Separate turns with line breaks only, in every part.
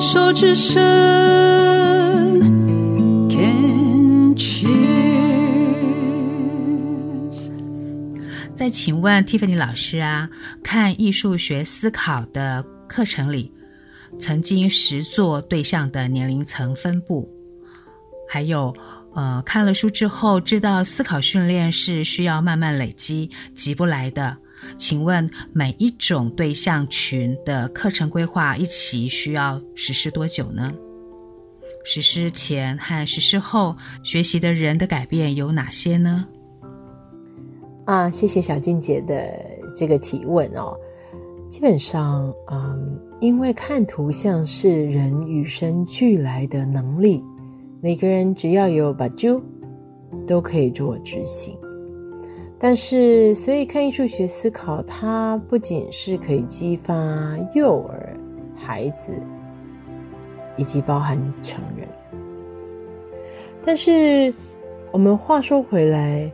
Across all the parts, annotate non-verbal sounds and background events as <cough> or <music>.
手之伸，can cheers。再請問 Tiffany 老師啊，看藝術學思考的課程裡，曾經實作對象的年齡層分布，還有呃，看了書之後知道思考訓練是需要慢慢累積，急不來的。請問每一種對象群的課程規劃一起需要實施多久呢？實施前和實施後學習的人的改變有哪些呢？
啊，謝謝小靜姐的這個提問哦。基本上，嗯，因為看圖像，是人與生俱來的能力，每個人只要有把握，都可以做執行。但是，所以看藝術學思考，它不僅是可以激發幼兒、孩子，以及包含成人。但是，我們話說回來，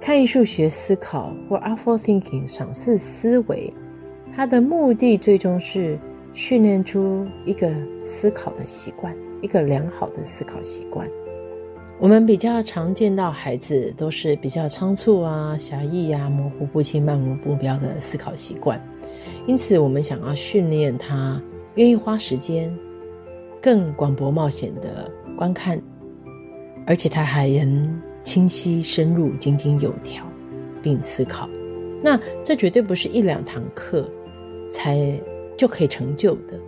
看藝術學思考或 artful thinking，賞識思維，它的目的最終是訓練出一個思考的習慣，一個良好的思考習慣。我們比較常見到孩子都是比較倉促啊、狹義啊、模糊不清、漫無目標的思考習慣，因此我們想要訓練他願意花時間更廣博冒險的觀看，而且他還能清晰深入、井井有條，並思考。那這絕對不是一兩堂課才就可以成就的。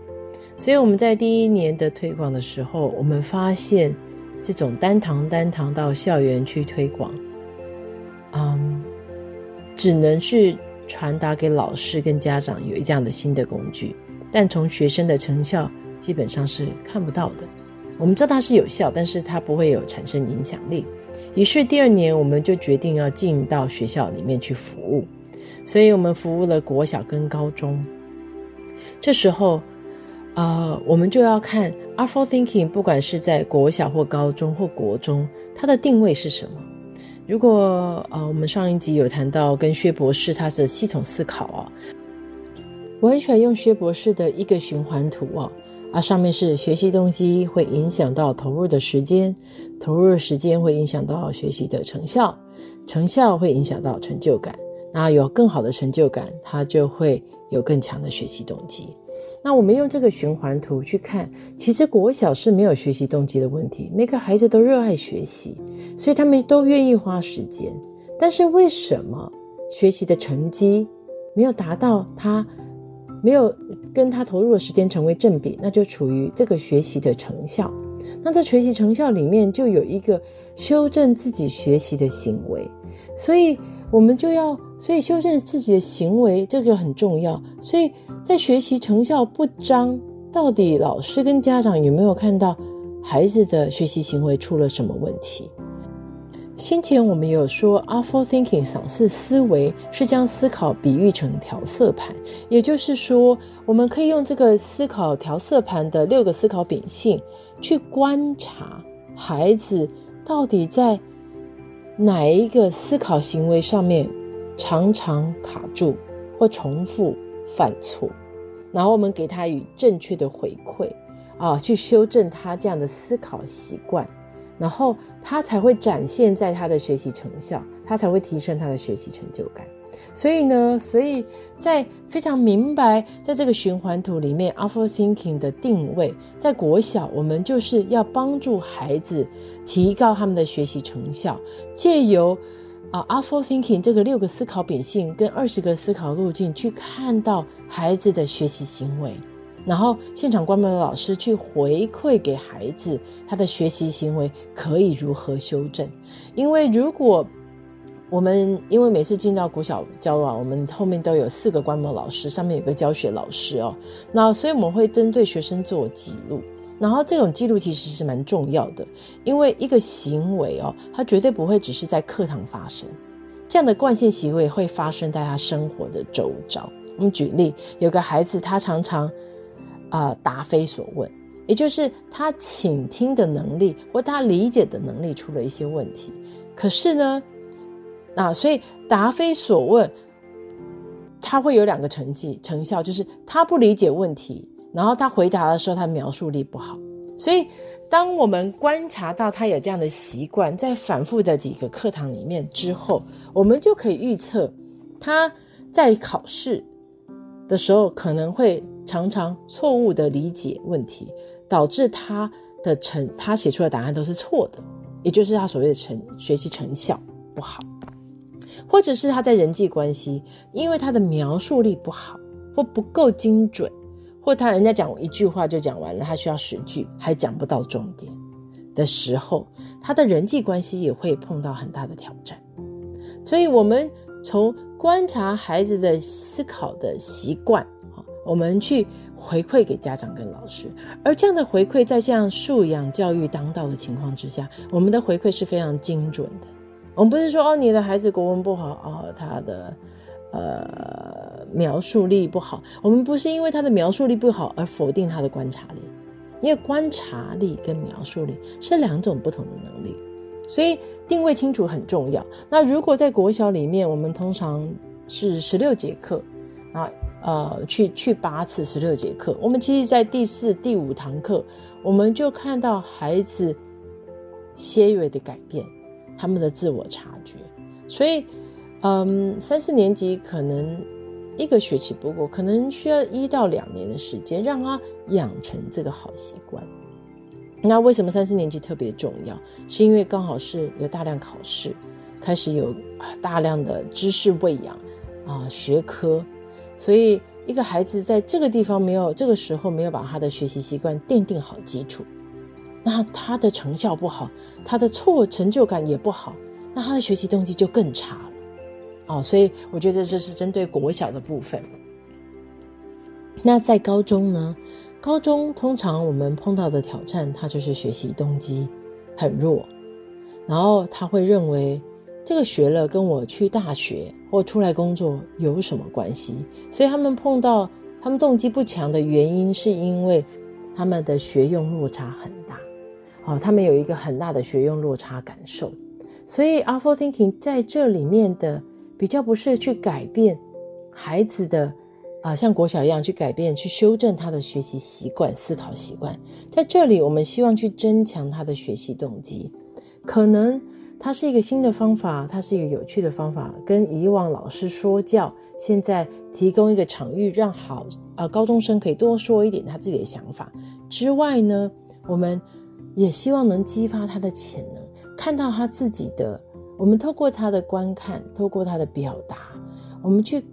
所以我們在第一年的推廣的時候，我們發現。這種單堂單堂到校園去推廣，嗯，um，只能是傳達給老師跟家長有一樣的新的工具，但從學生的成效基本上是看不到的。我們知道它是有效，但是它不會有產生影響力。於是第二年我們就決定要進到學校裡面去服務，所以我們服務了國小跟高中。這時候。啊、uh，我們就要看 “Artful Thinking”，不管是在國小或高中或國中，它的定位是什麼？如果呃，uh, 我們上一集有談到跟薛博士他的系統思考哦、啊。我很喜歡用薛博士的一個循環圖哦、啊，啊，上面是學習東西會影響到投入的時間，投入的時間會影響到學習的成效，成效會影響到成就感，那有更好的成就感，他就會有更強的學習動機。那我們用這個循環圖去看，其實國小是沒有學習動機的問題，每個孩子都熱愛學習，所以他們都願意花時間。但是為什麼學習的成績沒有達到他，沒有跟他投入的時間成為正比？那就處於這個學習的成效。那在學習成效裡面就有一個修正自己學習的行為。所以我們就要。所以，修正自己的行為，這個很重要。所以在學習成效不彰，到底老師跟家長有沒有看到孩子的學習行為出了什麼問題？先前我們有說，Artful Thinking 賞識思維是將思考比喻成調色盤，也就是說，我們可以用這個思考調色盤的六個思考秉性，去觀察孩子到底在哪一個思考行為上面。常常卡住或重複犯錯，然後我們給他以正確的回饋，啊，去修正他這樣的思考習慣，然後他才會展現在他的學習成效，他才會提升他的學習成就感。所以呢，所以在非常明白在這個循環圖裡面，面，Artful Thinking 的定位，在國小我們就是要幫助孩子提高他們的學習成效，借由。啊、uh, Artful Thinking 這個六個思考秉性、跟二十個思考路徑，去看到孩子的學習行為，然後現場觀摩的老師去回饋給孩子他的學習行為可以如何修正。因為如果我們因為每次進到國小交往，啊，我們後面都有四個觀摩老師，上面有個教學老師哦，那所以我們會針對學生做記錄。然後這種記錄其實是蠻重要的，因為一個行為哦，他絕對不會只是在課堂發生，這樣的慣性行為會發生在他生活的周遭。我們舉例，有個孩子，他常常啊、呃、答非所問，也就是他傾聽的能力或他理解的能力出了一些問題。可是呢，那、啊、所以答非所問，他會有兩個成績成效，就是他不理解問題。然後他回答的時候，他描述力不好，所以當我們觀察到他有這樣的習慣，在反覆的幾個課堂裡面之後，我們就可以預測他在考試的時候可能會常常錯誤的理解問題，導致他的成他寫出的答案都是錯的，也就是他所謂的成學習成效不好，或者是他在人際關係，因為他的描述力不好或不夠精準。或他人家講一句話就講完了，他需要十句還講不到重點的時候，他的人際關係也會碰到很大的挑戰。所以，我們從觀察孩子的思考的習慣，我們去回饋給家長跟老師。而這樣的回饋，在像素養教育當道的情況之下，我們的回饋是非常精準的。我們不是說哦，你的孩子國文不好，哦，他的，呃。描述力不好，我們不是因為他的描述力不好而否定他的觀察力，因為觀察力跟描述力是兩種不同的能力，所以定位清楚很重要。那如果在國小裡面，我們通常是十六節課，啊，呃，去去八次十六節課，我們其實在第四、第五堂課，我們就看到孩子些微的改變，他們的自我察覺。所以，嗯，三四年級可能一個學期不過，可能需要一到兩年的時間讓他養成這個好習慣。那為什麼三四年級特別重要？是因為剛好是有大量考試，開始有大量的知識餵養啊學科，所以一個孩子在這個地方沒有這個時候沒有把他的學習習慣奠定，定好基礎，那他的成效不好，他的錯成就感也不好，那他的學習動機就更差了。哦，所以我覺得這是針對國小的部分。那在高中呢？高中通常我們碰到的挑戰，他就是學習動機很弱，然後他會認為這個學了跟我去大學或出來工作有什麼關係？所以他們碰到他們動機不強的原因，是因為他們的學用落差很大。哦，他們有一個很大的學用落差感受，所以 Artful Thinking 在這裡面的。比較不是去改變孩子的啊、呃，像國小一樣去改變、去修正他的學習習慣、思考習慣。在這裡，我們希望去增強他的學習動機。可能他是一個新的方法，他是一個有趣的方法，跟以往老師說教。現在提供一個場域，讓好啊、呃、高中生可以多說一點他自己的想法。之外呢，我們也希望能激發他的潛能，看到他自己的。我們透過他的觀看，透過他的表達，我們去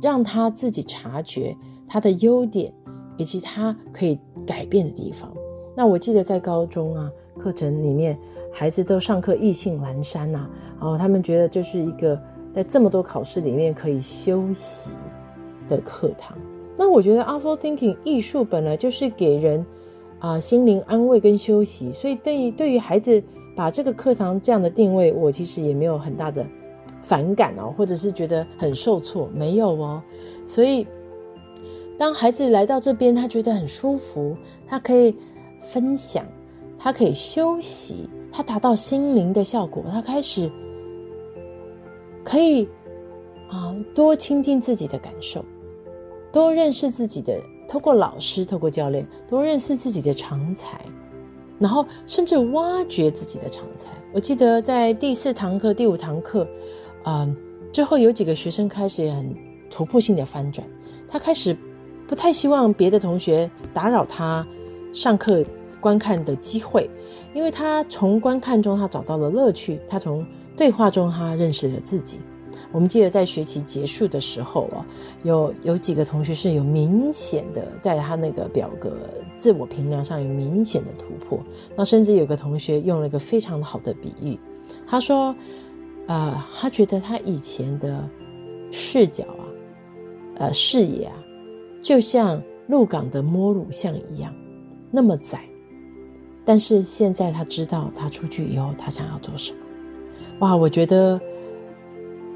讓他自己察覺他的優點，以及他可以改變的地方。那我記得在高中啊，課程裡面，孩子都上課意興闌珊吶，然後、哦、他們覺得就是一個在這麼多考試裡面可以休息的課堂。那我覺得，Artful Thinking 藝術本來就是給人啊、呃、心靈安慰跟休息，所以對於對於孩子。把這個課堂這樣的定位，我其實也沒有很大的反感哦，或者是覺得很受挫，沒有哦。所以，當孩子來到這邊，他覺得很舒服，他可以分享，他可以休息，他達到心靈的效果，他開始可以啊多傾聽自己的感受，多認識自己的，透過老師，透過教練，多認識自己的長才。然後甚至挖掘自己的長才。我記得在第四堂課、第五堂課，啊、嗯，之後有幾個學生開始也很突破性的翻轉，他開始不太希望別的同學打擾他上課觀看的機會，因為他從觀看中他找到了樂趣，他從對話中他認識了自己。我們記得在學期結束的時候，哦，有有幾個同學是有明顯的在他那個表格自我評量上有明顯的突破。那甚至有個同學用了一個非常好的比喻，他說：“呃，他覺得他以前的視角啊，呃，視野啊，就像鹿港的摸乳巷一樣，那麼窄。但是現在他知道他出去以後他想要做什麼。”哇，我覺得。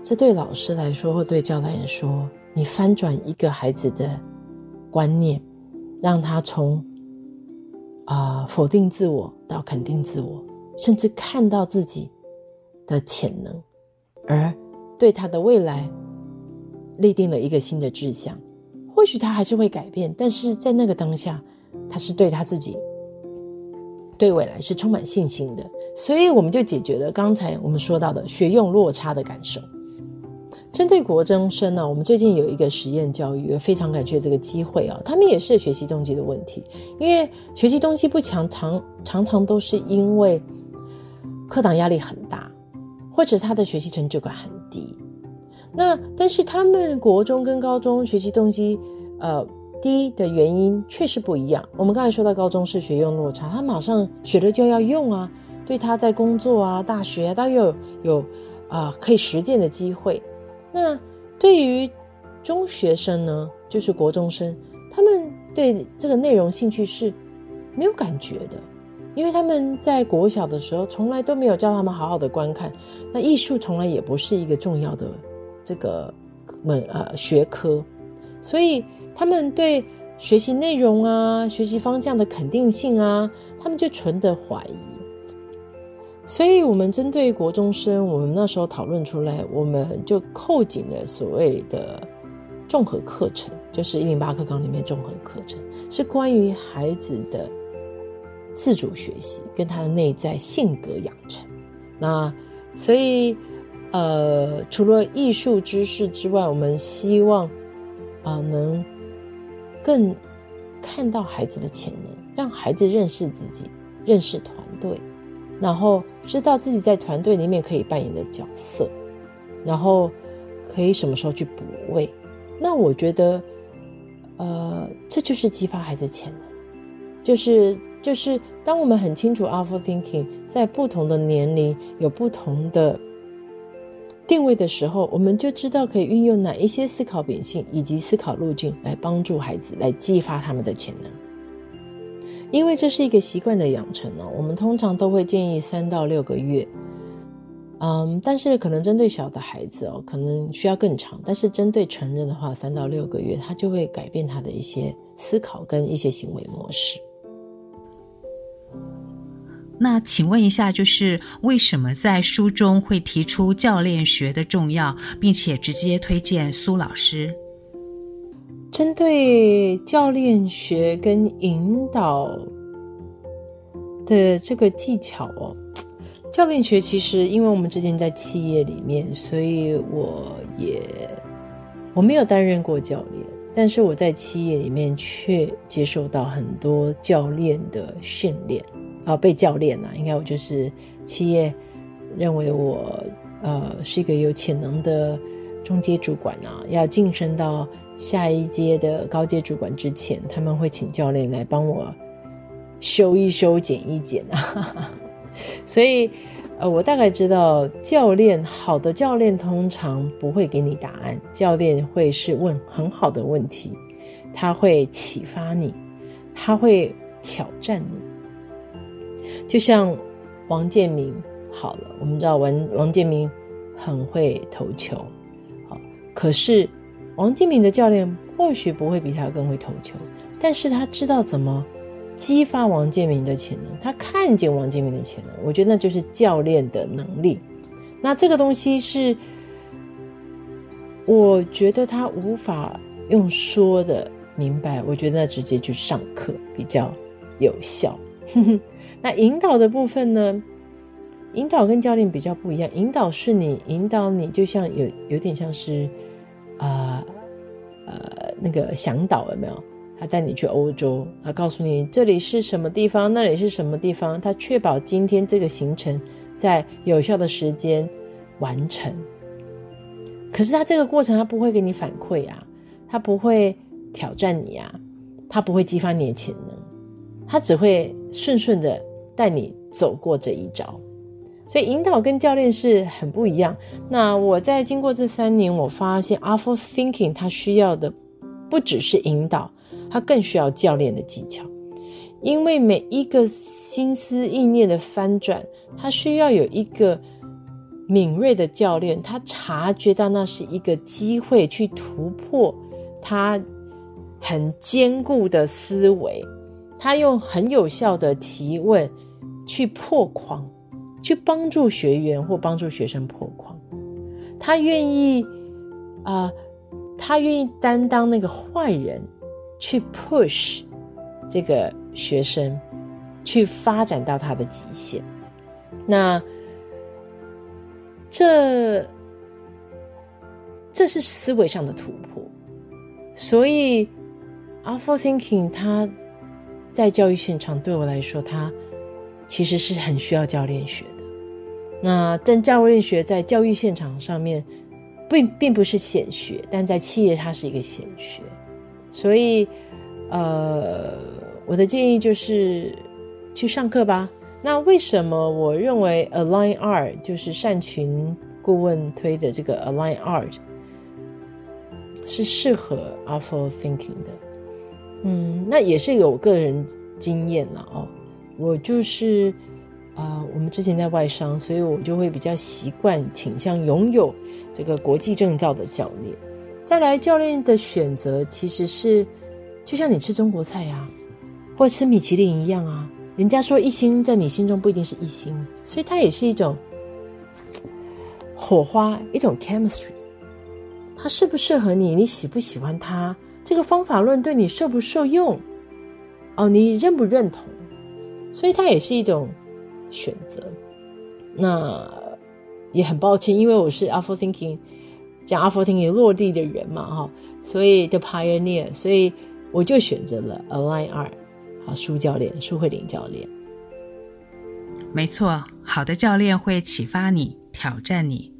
這對老師來說，或對教導員說，你翻轉一個孩子的觀念，讓他從啊、呃、否定自我到肯定自我，甚至看到自己的潛能，而對他的未來立定了一個新的志向。或許他還是會改變，但是在那個當下，他是對他自己、對未來是充滿信心的。所以，我們就解決了剛才我們說到的學用落差的感受。針對國中生呢、啊，我們最近有一個實驗教育，非常感謝這個機會啊。他們也是學習動機的問題，因為學習動機不強，常常常都是因為課堂壓力很大，或者他的學習成就感很低。那但是他們國中跟高中學習動機呃低的原因確實不一樣。我們剛才說到高中是學用落差，他馬上學了就要用啊，對他在工作啊、大學、啊，他又有啊、呃、可以實踐的機會。那對於中學生呢，就是國中生，他們對這個內容興趣是沒有感覺的，因為他們在國小的時候，從來都沒有教他們好好的觀看，那藝術從來也不是一個重要的這個門，呃，學科，所以他們對學習內容啊、學習方向的肯定性啊，他們就存的懷疑。所以，我們針對國中生，我們那時候討論出來，我們就扣緊了所謂的綜合課程，就是《一零八課綱》裡面綜合課程，是關於孩子的自主學習跟他的內在性格養成。那所以，呃，除了藝術知識之外，我們希望啊、呃，能更看到孩子的潛能，讓孩子認識自己，認識團隊，然後。知道自己在團隊裡面可以扮演的角色，然後可以什麼時候去補位。那我覺得，呃，這就是激發孩子潛能。就是就是，當我們很清楚 Artful Thinking 在不同的年齡有不同的定位的時候，我們就知道可以運用哪一些思考秉性以及思考路徑來幫助孩子來激發他們的潛能。因為這是一個習慣的養成哦，我們通常都會建議三到六個月，嗯，但是可能針對小的孩子哦，可能需要更長，但是針對成人的話，三到六個月他就會改變他的一些思考跟一些行為模式。
那請問一下，就是為什麼在書中會提出教練學的重要，並且直接推薦蘇老師？
針對教練學跟引導的這個技巧，哦，教練學其實，因為我們之前在企業裡面，所以我也我沒有擔任過教練，但是我在企業裡面卻接受到很多教練的訓練啊，呃，被教練呢，啊，應該我就是企業認為我呃是一個有潛能的。中階主管啊，要晉升到下一階的高階主管之前，他們會請教練來幫我修一修、剪一剪啊。 <laughs> 所以，呃，我大概知道教練，好的教練通常不會給你答案，教練會是問很好的問題，他會啟發你，他會挑戰你。就像王建民，好了，我們知道王王建民很會投球。可是，王建民的教練或許不會比他更會投球，但是他知道怎麼激發王建民的潛能，他看見王建民的潛能，我覺得那就是教練的能力。那這個東西是，我覺得他無法用說的明白，我覺得他直接去上課比較有效。 <laughs> 那引導的部分呢？引導跟教練比較不一樣，引導是你引導你，就像有有點像是，啊呃、呃那個向導有沒有？他帶你去歐洲，他告訴你這裡是什麼地方，那裡是什麼地方，他確保今天這個行程在有效的時間完成。可是他這個過程他不會給你反饋啊，他不會挑戰你啊，他不會激發你的潛能，他只會順順的帶你走過這一遭。所以引導跟教練是很不一樣。那我在經過這三年，我發現 Artful Thinking 他需要的不只是引導，他更需要教練的技巧。因為每一個心思意念的翻轉，他需要有一個敏銳的教練，他察覺到那是一個機會去突破他很堅固的思維，他用很有效的提問去破框。去幫助學員或幫助學生破框，他願意啊、呃，他願意擔當那個壞人，去 push 這個學生，去發展到他的極限。那這這是思維上的突破，所以 Artful Thinking 他在教育現場對我來說，他其實是很需要教練學的。那但教練學在教育現場上面並，並並不是顯學，但在企業它是一個顯學。所以，呃，我的建議就是去上課吧。那為什麼我認為 Align Art 就是善群顧問推的這個 Align Art 是適合 Artful Thinking 的？嗯，那也是有個人經驗了哦。我就是，啊、呃，我們之前在外商，所以我就會比較習慣傾向擁有這個國際證照的教練。再來，教練的選擇其實是，就像你吃中國菜呀、啊，或吃米其林一樣啊。人家說一星在你心中不一定是一星，所以它也是一種火花，一種 chemistry。它適不適合你？你喜不喜歡它，這個方法論對你受不受用？哦、呃，你認不認同？所以它也是一種選擇。那也很抱歉，因為我是 Artful Thinking 講 Artful Thinking 落地的人嘛，哈，所以的 Pioneer，所以我就選擇了 Align Art。好，蘇教練，蘇慧玲教練，
沒錯，好的教練會啟發你、挑戰你，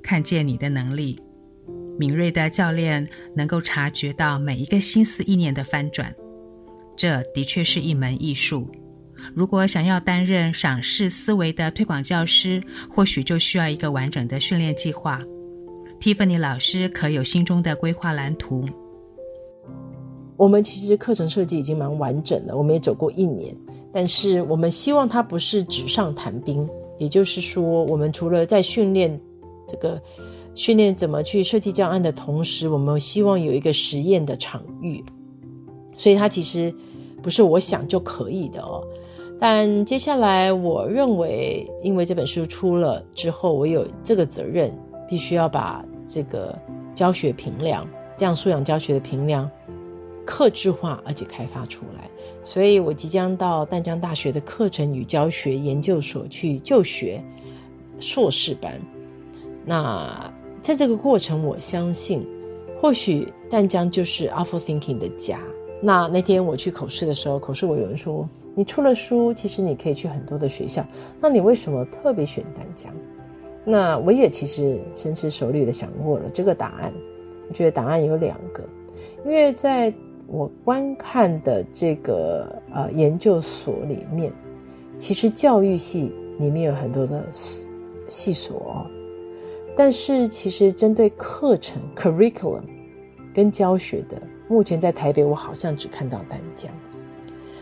看見你的能力。敏銳的教練能夠察覺到每一個心思意念的翻轉，這的確是一門藝術。如果想要擔任賞識思維的推廣教師，或許就需要一個完整的訓練計劃。Tiffany 老師可有心中的規劃藍圖？
我們其實課程設計已經蠻完整的，我們也走過一年，但是我們希望它不是紙上談兵。也就是說，我們除了在訓練這個訓練怎麼去設計教案的同時，我們希望有一個實驗的場域。所以，它其實不是我想就可以的哦。但接下來，我認為，因為這本書出了之後，我有這個責任，必須要把這個教學評量，這樣素養教學的評量，客製化而且開發出來。所以，我即將到淡江大學的課程與教學研究所去就學碩士班。那在這個過程，我相信，或許淡江就是 “Artful Thinking” 的家。那那天我去口試的時候，口試我有人說。你出了書，其實你可以去很多的學校。那你為什麼特別選淡江？那我也其實深思熟慮的想過了這個答案。我覺得答案有兩個，因為在我觀看的這個呃研究所裡面，其實教育系裡面有很多的細系所，但是其實針對課程 curriculum 跟教學的，目前在台北我好像只看到淡江。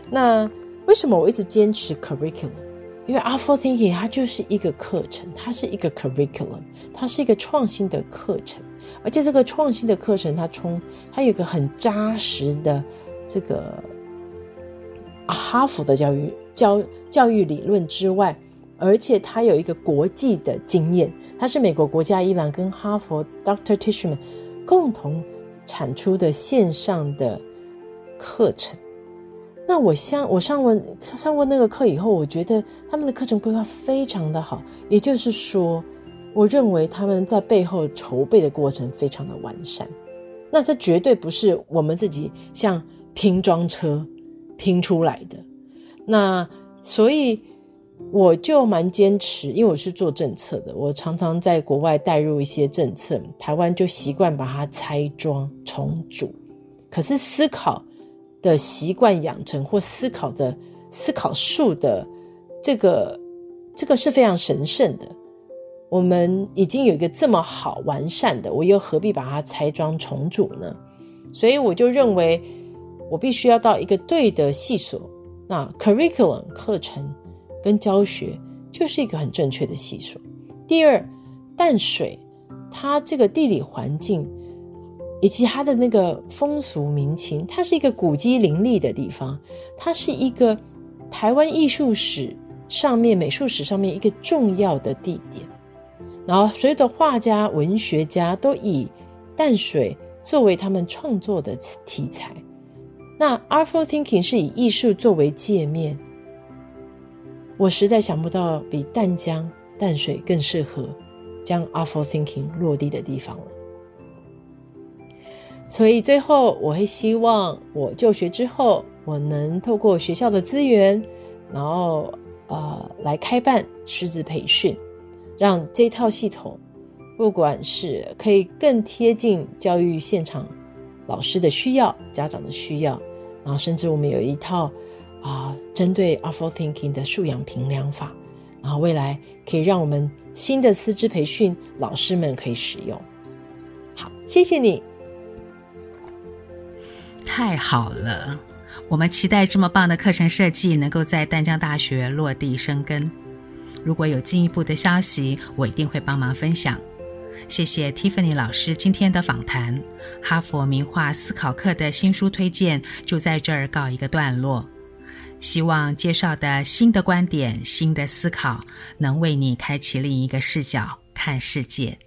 那為什麼我一直堅持 curriculum？因為 Artful Thinking 它就是一個課程，它是一個 curriculum，它是一個創新的課程，而且這個創新的課程，它從它有一個很扎實的這個哈佛的教育教教育理論之外，而且它有一個國際的經驗，它是美國國家藝廊跟哈佛 Doctor Tishman 共同產出的線上的課程。那我像我上過上過那個課以後，我覺得他們的課程規劃非常的好，也就是說，我認為他們在背後籌備的過程非常的完善。那這絕對不是我們自己像拼裝車拼出來的。那所以我就蠻堅持，因為我是做政策的，我常常在國外帶入一些政策，台灣就習慣把它拆裝重組，可是思考。的習慣養成或思考的思考術的這個這個是非常神聖的。我們已經有一個這麼好完善的，我又何必把它拆裝重組呢？所以我就認為，我必須要到一個對的系所。那 curriculum 課程跟教學就是一個很正確的系所。第二，淡水它這個地理環境，以及它的那個風俗民情，它是一個古蹟林立的地方，它是一個台灣藝術史上面、美術史上面一個重要的地點。然後所有的畫家、文學家都以淡水作為他們創作的題材。那 Artful Thinking 是以藝術作為界面，我實在想不到比淡江、淡水更適合將 Artful Thinking 落地的地方了。所以最後，我會希望我就學之後，我能透過學校的資源，然後呃來開辦師資培訓，讓這套系統，不管是可以更貼近教育現場老師的需要、家長的需要，然後甚至我們有一套啊呃、針對 Artful Thinking 的素養評量法，然後未來可以讓我們新的師資培訓老師們可以使用。
好，謝謝你。太好了，我們期待這麼棒的課程設計能夠在淡江大學落地生根。如果有進一步的消息，我一定會幫忙分享。謝謝 Tiffany 老師今天的訪談，哈佛名畫思考課的新書推薦就在這兒告一個段落。希望介紹的新的觀點、新的思考能為你開啟另一個視角，看世界。